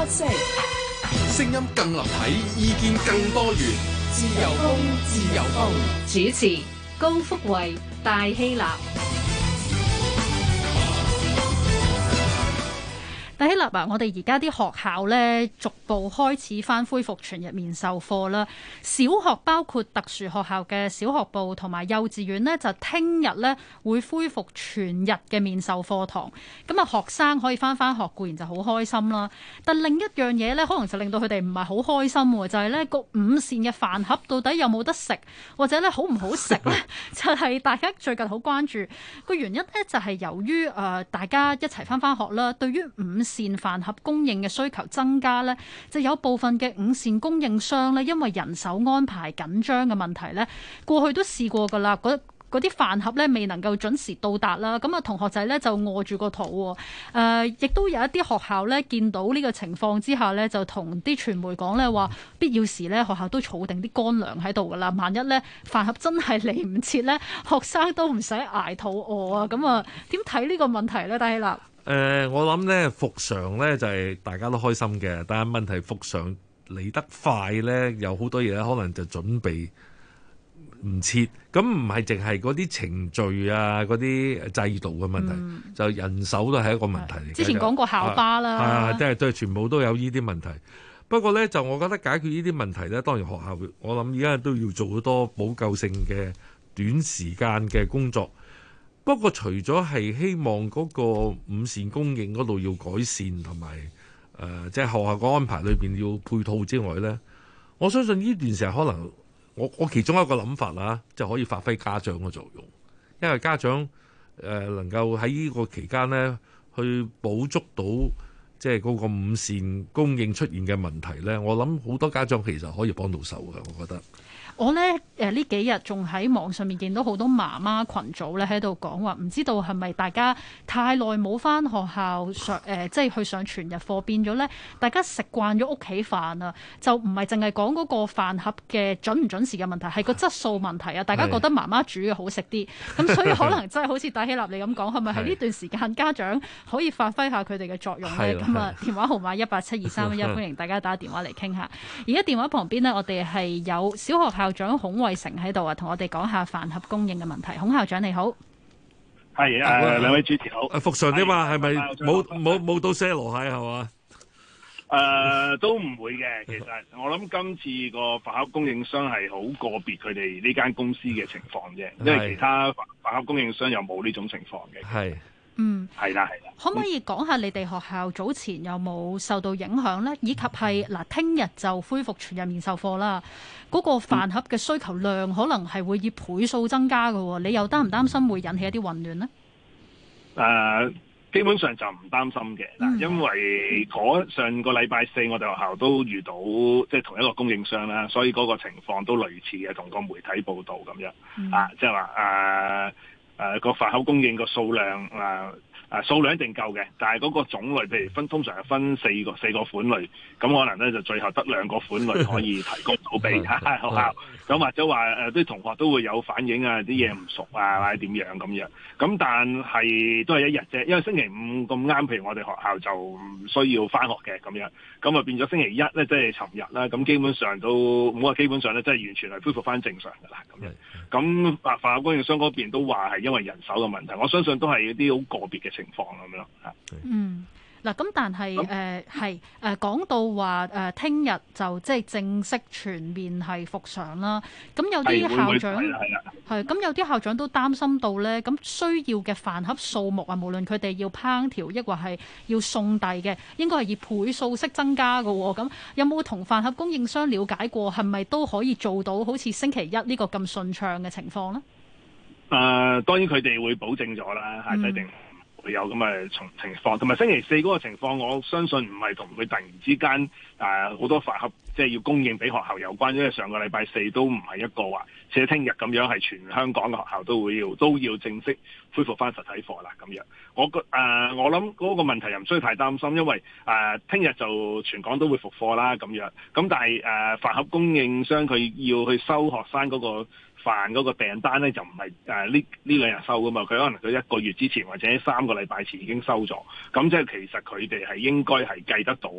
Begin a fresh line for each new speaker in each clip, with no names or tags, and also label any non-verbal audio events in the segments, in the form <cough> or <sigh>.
不息，
聲音更立體，意見更多元。自
由風，自由風。主持：高福慧、戴希立。但係啦，我哋而家啲學校咧逐步開始翻恢復全日面授課啦。小學包括特殊學校嘅小學部同埋幼稚園咧，就聽日咧會恢復全日嘅面授課堂。咁啊，學生可以翻翻學固然就好開心啦。但另一樣嘢咧，可能就令到佢哋唔係好開心喎，就係、是、咧個午膳嘅飯盒到底有冇得食，或者咧好唔好食咧？就係、是、大家最近好關注個原因咧，就係由於、呃、大家一齊翻翻學啦，對於午線飯盒供應嘅需求增加咧，就有部分嘅五線供應商咧，因為人手安排緊張嘅問題咧，過去都試過噶啦，嗰啲飯盒咧未能夠準時到達啦，咁啊同學仔呢就餓住個肚喎、呃。亦都有一啲學校呢見到呢個情況之下呢，就同啲傳媒講呢話，必要時呢，學校都儲定啲乾糧喺度㗎啦。萬一呢飯盒真係嚟唔切呢，學生都唔使捱肚餓啊。咁啊、呃，點睇呢個問題呢？戴希立誒，
我諗呢復常呢就係、是、大家都開心嘅，但係問題是復常嚟得快呢，有好多嘢可能就準備唔切咁唔係淨係嗰啲程序啊，嗰啲制度嘅問題、嗯，就人手都係一個問題。之前講過校巴啦，啊，即係都係全部都有呢啲問題。不過呢，就我覺得解決呢啲問題呢，當然學校我諗而家都要做好多補救性嘅短時間嘅工作。不過除咗係希望嗰個午膳供應嗰度要改善，同埋即係學校個安排裏面要配套之外呢，我相信呢段時間可能。我我其中一個諗法啦，就可以發揮家長嘅作用，因為家長誒能夠喺呢個期間呢，去捕捉到即係嗰個午膳供應出現嘅問題呢，我諗好多家長其實可以幫到手嘅，我覺得。
我咧誒呢幾日仲喺網上面見到好多媽媽群組咧喺度講話，唔知道係咪大家太耐冇翻學校上、呃、即係去上全日課變咗咧，大家食慣咗屋企飯啊，就唔係淨係講嗰個飯盒嘅準唔準時嘅問題，係個質素問題啊！大家覺得媽媽煮嘅好食啲，咁所以可能真係好似戴希立你咁講，係咪喺呢段時間家長可以發揮下佢哋嘅作用咧？咁啊，電話號碼一八七二三一一，歡迎大家打電話嚟傾下。而家電話旁邊呢，我哋係有小學校校長孔偉成喺度啊，同我哋講下飯盒供應嘅問題。孔校長你好，
係啊，兩位主持好。啊，復常啲嘛，係咪冇冇冇到蛇羅蟹係嘛？
誒，都唔會嘅。其實我諗今次個飯盒供應商係好個別，佢哋呢間公司嘅情況啫。因為其他飯盒供應商又冇呢種情況嘅。係。嗯，係啦，係啦。可唔可以
講下你哋學校早前有冇受到影響呢？以及係嗱，聽日就恢復全日面授課啦。嗰、那個飯盒嘅需求量可能係會以倍數增加嘅，你又擔唔擔心會引起一啲混亂呢？
誒，基本上就唔擔心嘅嗱，因為上個禮拜四我哋學校都遇到即係同一個供應商啦，所以嗰個情況都類似嘅，同個媒體報導咁樣、嗯、啊，即係話誒。啊誒個飯口供應個數量啊。啊，數量一定夠嘅，但係嗰個種類，譬如分通常係分四個四個款類，咁可能咧就最後得兩個款類可以提供到俾學校。咁 <laughs> <laughs> 或者話誒啲同學都會有反應啊，啲嘢唔熟啊，或者點樣咁樣？咁但係都係一日啫，因為星期五咁啱，譬如我哋學校就唔需要翻學嘅咁樣，咁啊變咗星期一咧，即係尋日啦，咁基本上都冇啊，基本上咧即係完全係恢復翻正常㗎啦，
咁樣。
咁發覺供應商嗰邊都話係因為人手嘅問題，我相信都係一啲好個別嘅。情
況咁樣咯嚇。嗯，嗱咁，但係誒係誒講到話誒，聽、呃、日就即係正式全面係復常啦。咁有啲校長係咁，會會有啲校長都擔心到咧。咁需要嘅飯盒數目啊，無論佢哋要烹調，抑或係要送遞嘅，應該係以倍數式增加嘅喎。咁有冇同飯盒供應商了解過，係咪都可以做到好似星期一呢個咁順暢嘅情況呢？誒、
呃，當然佢哋會保證咗啦，係規定。嗯會有咁嘅情況，同埋星期四嗰個情況，我相信唔係同佢突然之間誒好多飯盒，即係要供應俾學校有關。因為上個禮拜四都唔係一個話，似聽日咁樣，係全香港嘅學校都會要都要正式恢復翻實體課啦。咁樣我個誒，我諗嗰個問題又唔需要太擔心，因為誒聽日就全港都會復課啦。咁樣，咁但係誒飯盒供應商佢要去收學生嗰個。辦、那、嗰個訂單咧就唔係誒呢呢兩日收㗎嘛，佢可能佢一個月之前或者三個禮拜前已經收咗，咁即係其實佢哋係應該係計得到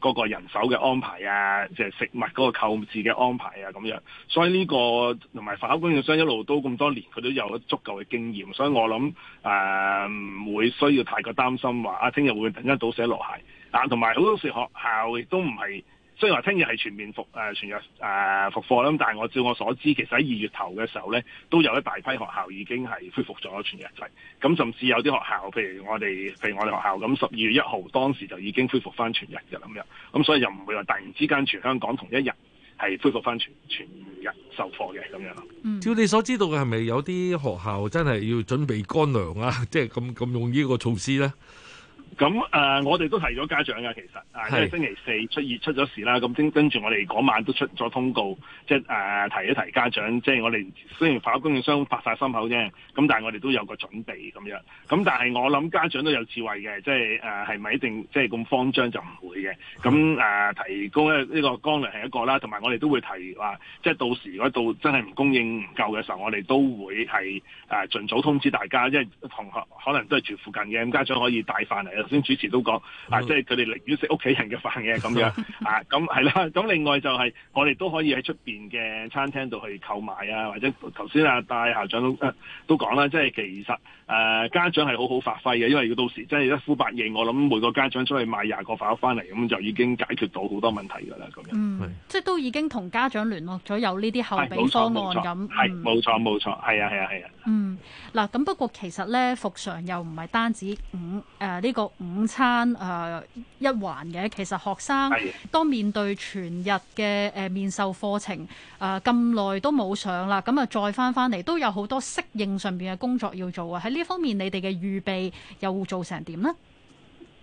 嗰個人手嘅安排啊，即、就、係、是、食物嗰個購置嘅安排啊咁樣，所以呢、這個同埋學校供應商一路都咁多年，佢都有足夠嘅經驗，所以我諗誒唔會需要太過擔心話啊，聽日會突然間倒瀉籮蟹，啊，同埋好多時學校亦都唔係。雖然話聽日係全面復誒、呃、全日誒、呃、復課啦，咁但係我照我所知，其實喺二月頭嘅時候咧，都有一大批學校已經係恢復咗全日制，咁、就係、甚至有啲學校，譬如我哋譬如我哋學校咁，十二月一號當時就已經恢復翻全日嘅咁樣，咁所以就唔會話突然之間全香港同一日係恢復翻全全日授課嘅咁樣、嗯。
照你所知道嘅，係咪有啲學校真係要準備乾糧啊？即係咁咁用呢個措施咧？咁誒、呃，我哋都提咗家長㗎。其實啊，因為星
期四出現出咗事啦，咁跟住我哋嗰晚都出咗通告，即係、呃、提一提家長，即係我哋雖然發咗供應商發晒心口啫，咁但係我哋都有個準備咁樣。咁但係我諗家長都有智慧嘅，即係係咪一定即係咁慌張就唔會嘅。咁誒、呃、提供呢、呢個乾糧係一個啦，同埋我哋都會提話，即係到時如果到真係唔供應唔夠嘅時候，我哋都會係誒、呃、盡早通知大家，因為同學可能都係住附近嘅，咁家長可以帶返嚟。頭先主持都講、嗯，啊，即係佢哋寧願食屋企人嘅飯嘅咁樣， <laughs> 啊，咁係啦。咁另外就係我哋都可以喺出面嘅餐廳度去購買啊，或者頭先啊戴校長都、啊、都講啦，即、就、係、是、其實、呃、家長係好好發揮嘅，因為到時真係、就是、一呼百應，我諗每個家長出去買廿個飯盒翻嚟，咁就已經解決到好多問題㗎啦。咁樣，嗯、即
係都已經同家長聯絡咗有呢啲後備方案咁，
冇錯冇錯，係啊係啊係啊。嗯，嗱
咁、嗯啊啊啊啊、不過其實咧，服常又唔係單止五誒呢個。午餐誒一環嘅，其實學生當面對全日嘅誒面授課程誒咁耐都冇上啦，咁啊再翻翻嚟都有好多適應上面嘅工作要做啊，喺呢方面你哋嘅預備又做成點呢？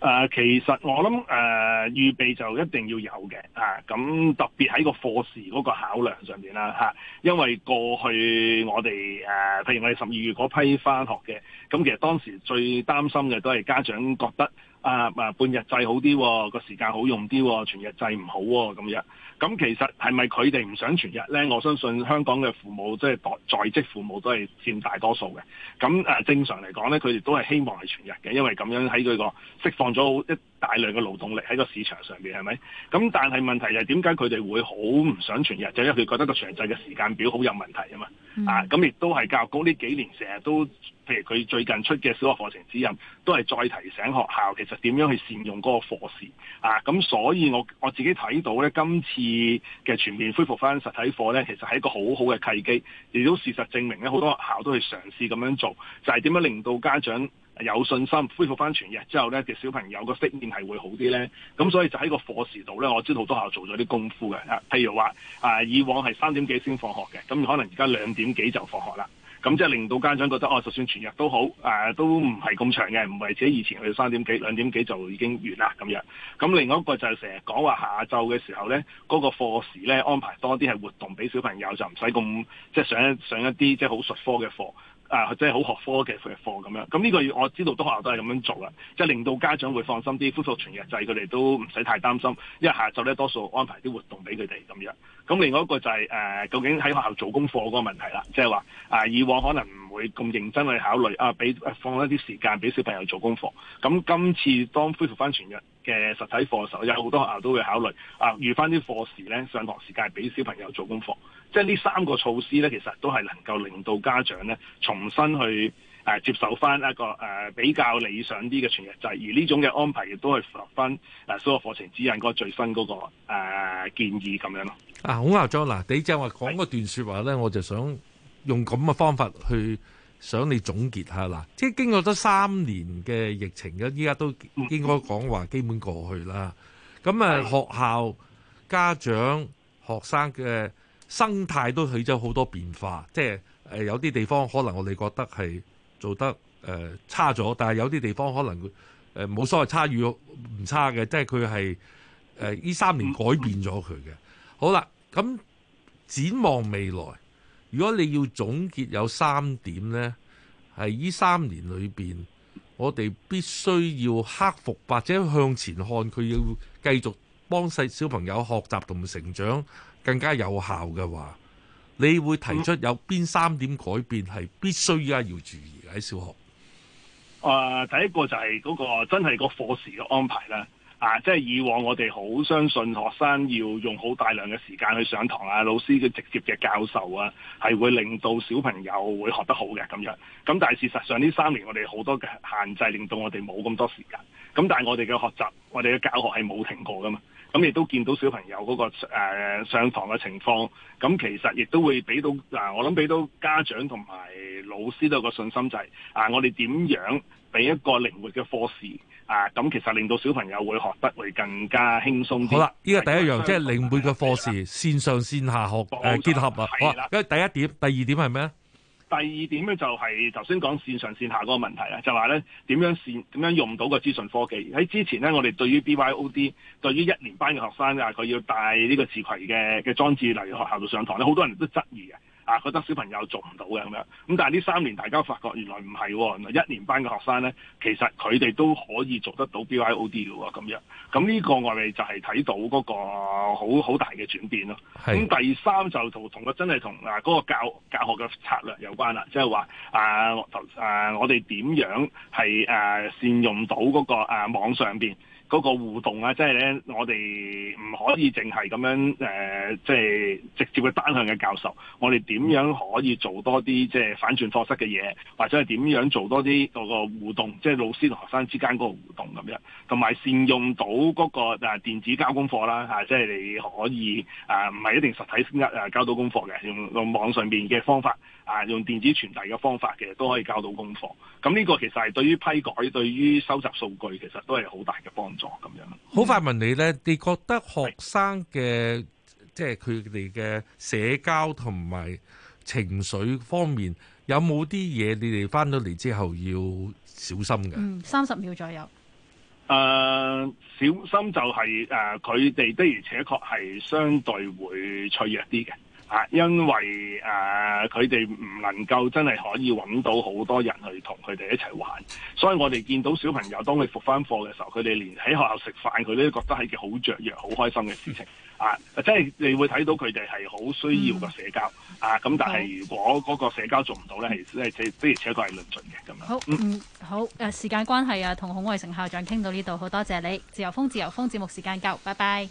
誒，其實我諗誒、呃、預備就一定要有嘅啊，咁特別喺個課時嗰個考量上面啦嚇，因為過去我哋誒、啊，譬如我哋十二月嗰批返學嘅。咁其實當時最擔心嘅都係家長覺得。啊！啊，半日制好啲、哦，個時間好用啲、哦，全日制唔好咁、哦、樣。咁、嗯、其實係咪佢哋唔想全日咧？我相信香港嘅父母，即係在在職父母都係佔大多數嘅。咁、嗯、誒，正常嚟講咧，佢哋都係希望係全日嘅，因為咁樣喺佢個釋放咗好一大量嘅勞動力喺個市場上邊，係咪？咁、嗯、但係問題就係點解佢哋會好唔想全日？就係、因為佢覺得個全日制嘅時間表好有問題啊嘛。啊，咁、嗯、亦、啊嗯嗯、都係教育局呢幾年成日都，譬如佢最近出嘅小學課程指引，都係再提醒學校其實，點樣去善用嗰個課時啊？咁所以我我自己睇到呢，今次嘅全面恢復翻實體課呢，其實係一個好好嘅契機，亦都事實證明呢，好多學校都去嘗試咁樣做，就係點樣令到家長有信心，恢復翻全日之後呢，嘅小朋友個適應係會好啲呢。咁所以就喺個課時度呢，我知道好多學校做咗啲功夫嘅。譬如話啊，以往係三點幾先放學嘅，咁可能而家兩點幾就放學啦。咁即係令到家長覺得哦，就算全日都好，誒、啊、都唔係咁長嘅，唔係似以前去三點幾，兩點幾就已經完啦咁樣。咁另外一個就係成日講話下晝嘅時候呢，嗰、那個課時呢，安排多啲係活動俾小朋友，就唔使咁即係上一上一啲即係好術科嘅課。啊，即係好學科嘅嘅課咁樣，咁呢個我知道多學校都係咁樣做啦，即係令到家長會放心啲，恢復全日制佢哋都唔使太擔心，因為下晝咧多數安排啲活動俾佢哋咁樣。咁另外一個就係、是、誒、啊，究竟喺學校做功課嗰個問題啦，即係話啊，以往可能唔會咁認真去考慮啊，俾、啊、放一啲時間俾小朋友做功課，咁今次當恢復返全日。嘅實體課時有好多學校都會考慮啊，預翻啲課時咧，上堂時間俾小朋友做功課，即係呢三個措施咧，其實都係能夠令到家長咧重新去、呃、接受翻一個、呃、比較理想啲嘅全日制，而呢種嘅安排亦都係符合翻所有課程指引嗰最新嗰、那個、呃、建議咁樣咯。
啊，孔校長，嗱，你正話講嗰段説話咧，我就想用咁嘅方法去。想你總結下嗱，即係經過咗三年嘅疫情，咁依家都應該講話基本過去啦。咁啊，學校、家長、學生嘅生態都起咗好多變化。即係有啲地方可能我哋覺得係做得差咗，但係有啲地方可能誒冇所謂差與唔差嘅，即係佢係呢三年改變咗佢嘅。好啦，咁展望未來。如果你要總結有三點呢，係依三年裏面，我哋必須要克服或者向前看，佢要繼續幫小朋友學習同成長更加有效嘅話，你會提出有邊三點改變係必須依家要注意嘅喺小學？
啊、呃，第一個就係嗰、嗰個真係個課時嘅安排啦。啊！即係以往我哋好相信學生要用好大量嘅時間去上堂啊，老師嘅直接嘅教授啊，係會令到小朋友會學得好嘅咁樣。咁、啊、但係事實上呢三年我哋好多嘅限制令到我哋冇咁多時間。咁、啊、但係我哋嘅學習，我哋嘅教學係冇停過㗎嘛。咁、啊、亦都見到小朋友嗰、那個、啊、上堂嘅情況。咁、啊、其實亦都會俾到嗱、啊，我諗俾到家長同埋老師都有個信心就係、是、啊，我哋點樣？俾一個靈活嘅課時啊，咁其實令到小朋友會學得會更加輕鬆啲。好啦，呢個
第一樣即係靈活嘅課時，線上線下學結合啊。係啦，咁第一點、第二點係咩咧？
第二點咧就係頭先講線上線下嗰個問題啦，就話咧點樣線點樣用到個資訊科技？喺之前咧，我哋對於 BYOD 對於一年班嘅學生啊，佢要帶呢個自攜嘅嘅裝置嚟學校度上堂咧，好多人都質疑啊。啊！覺得小朋友做唔到嘅咁樣，咁但係呢三年大家發覺原來唔係喎，一年班嘅學生咧，其實佢哋都可以做得到 BYOD 嘅喎，咁樣，咁呢個我哋就係睇到嗰個好好大嘅轉變咯。咁第三就同同個真係同嗱嗰個教教學嘅策略有關啦，即係話啊，我哋點樣係誒、啊、善用到嗰、嗰個網、啊、網上面。嗰、那個互動啊，即係咧，我哋唔可以淨係咁樣誒，即、呃、係、就是、直接去單向嘅教授。我哋點樣可以做多啲即係反轉課室嘅嘢，或者係點樣做多啲嗰個互動，即、就、係、是、老師同學生之間嗰個互動咁樣，同埋善用到嗰個電子交功課啦嚇，即係你可以啊唔係一定實體一交到功課嘅，用網上面嘅方法啊，用電子傳遞嘅方法，其實都可以交到功課。咁呢個其實係對於批改、對於收集數據，其實都係好大嘅幫助。
好、嗯、快問你呢，你覺得學生嘅即係佢哋嘅社交同埋情緒方面有冇啲嘢？你哋翻到嚟之後要
小心嘅。三、嗯、十秒左右。
誒、呃，小心就係、是、誒，佢、呃、哋的而且確係相對會脆弱啲嘅。啊，因為誒佢哋唔能夠真係可以揾到好多人去同佢哋一齊玩，所以我哋見到小朋友當佢復翻課嘅時候，佢哋連喺學校食飯，佢都覺得係件好雀躍、好開心嘅事情。啊，啊即係你會睇到佢哋係好需要個社交。嗯、啊，咁但係如果嗰個社交做唔到呢，係即係即係不如扯個係論盡嘅咁
樣、嗯。好，嗯，好。誒，時間關係啊，同孔偉成校長傾到呢度，好多謝你。自由風，自由風節目時間夠，拜拜。